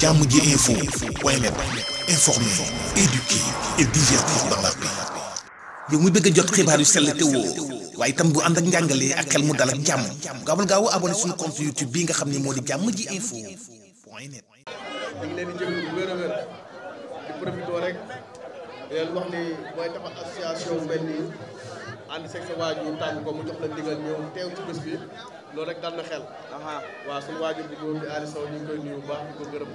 jàmm ji info point net informer, éduquer et divertir dans la paix. bëgg a jot xibaar yu sell te woo waaye itam bu ànd ak njàngalee ak xel mu dal ak jàmm gaawal gaaw abonné suñu compte YouTube bii nga xam ne moo di jàmm ji info loolu rek dal na xel waa suñu waajur bu góor bi Aliou Sow ñu ngi koy nuyu bu baax di ko gërëm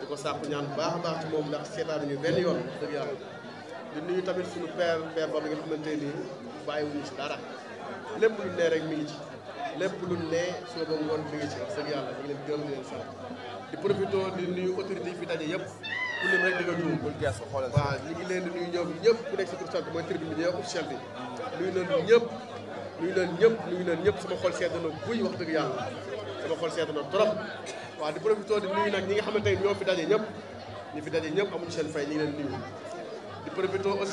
di ko sàpp ñaan bu baax a baax ci moom ndax seetaan ñu benn yoon dëgg yàlla di nuyu tamit suñu père père ba mi nga xamante nii bàyyiwuñu ci dara lépp lu ne rek mi ngi ci lépp lu ne soo ba ngoon mi ngi ci wax dëgg yàlla ñu ngi leen gërëm di leen sant di profité di yi fi daje yëpp ku leen rek di nga juum bul gees xoolal waaw ñu ngi leen di nuyu ñoom ñëpp ku nekk si tur sant bi ñëw officiel bi nuyu nuyu leen ñëpp nuyu leen ñëpp sama xol sedd na buy wax dëgg yàlla sama xol sedd na trop waaw di profité di nuyu nag ñi nga xamante ne ñoo fi daje ñëpp ñi fi daje ñëpp amuñu seen fay ñi ngi leen nuyu di profité wax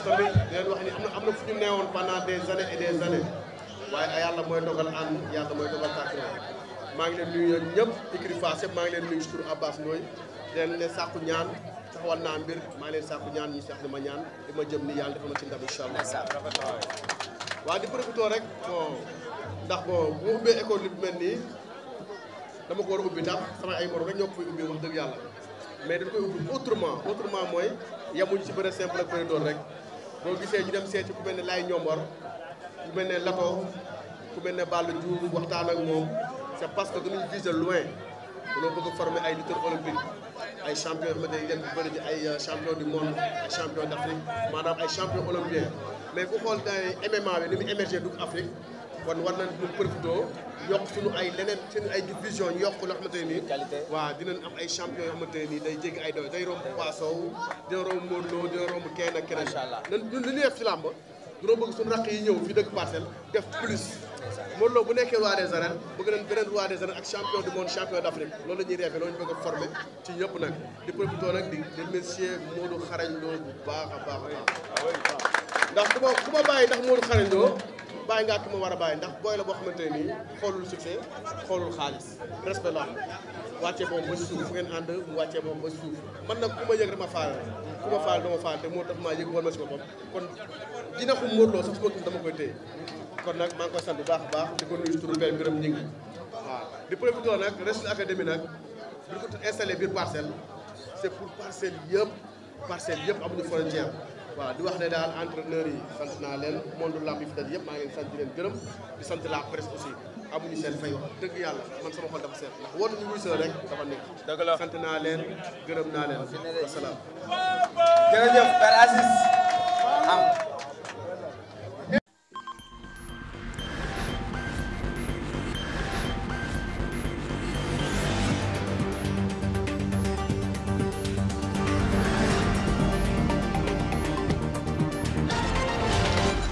ni am na na fu ñu neewoon pendant des années et des yàlla mooy dogal ànd yàlla mooy dogal maa ngi leen nuyu ñëpp écrit maa ngi leen nuyu sur Abbas Ndoye di leen ne sàkku ñaan taxawal naa mbir maa ngi leen sàkku ñaan ñu sax di ma ñaan di ma jëm ni yàlla dafa ma ci ndam incha allah waaw di profité rek ndax bon bu ma ubbee école li bu mel nii dama ko war a ubbi ndax sama ay morom rek ñoo ko fay ubbi wax dëgg yàlla mais dañ koy ubbi autrement autrement mooy yemuñu ci bëre simple ak bëre doon rek boo gisee ñu dem seeti ku mel ne Laye Ñombor ku mel ne Lato ku mel ne Balla Diouf waxtaan ak moom c'est parce que dañuy viser loin dañoo bëgg a former ay lutteurs olympiques ay champion yoo xamante ne dem bëri ji ay euh, champion du monde ay champion d' Afrique maanaam ay champion olympien mais ku xool day MMA bi ni mu émergé dugg Afrique kon war nañ ñu profité yokk suñu ay leneen suñu ay division yokk loo xamante ne nii. qualité waaw dinañ am ay champion yoo xamante ne nii day jéggi ay doy day romb Paasow dina romb Modou Lo dina romb kenn ak keneen. macha allah li ñu def làmb du bëgg suñu rakk yi ñëw fi dëkk parcelle def plus. Modou Lo bu nekkee roi des arènes bëgg nañ beneen roi des arènes ak champion du monde champion d' Afrique loolu la ñuy reefee loolu ñu bëgg a formé ci ñëpp nag di profité nag di di remercier Modou a baax a ndax bu ma bu ma bàyyi ndax Modou xarañ Lo bàyyi nga ki ma war a bàyyi ndax booy la boo xamante ne nii xoolul succès xoolul xaalis respect la wàccee moom ba suuf fu ngeen ànd mu wàccee moom ba suuf man nag ku ma yëg dama faale ku ma faal dama faal te moo tax maa yëg woon ma si boppam kon dina ko móorloo sax su ma gis dama koy téye kon nag maa ngi ko sant bu baax baax di ko nuyu si turu benn mbiram ñu ngi waaw di profité nag Rachel académie nag bi ko installé biir parcelle c' pour parcelle yëpp parcelle yëpp amuñu frontière waaw di wax ne daal entraîneurs yi sant naa leen monde lamb yi fi daj yëpp maa ngi leen sant di leen gërëm di sant la presse aussi amuñu seen fay wax dëgg yàlla man sama xol dafa seet ndax woon nañu wuy rek dafa nekk. dëgg sant naa leen gërëm naa leen. wasalaam. jërëjëf Père Aziz am.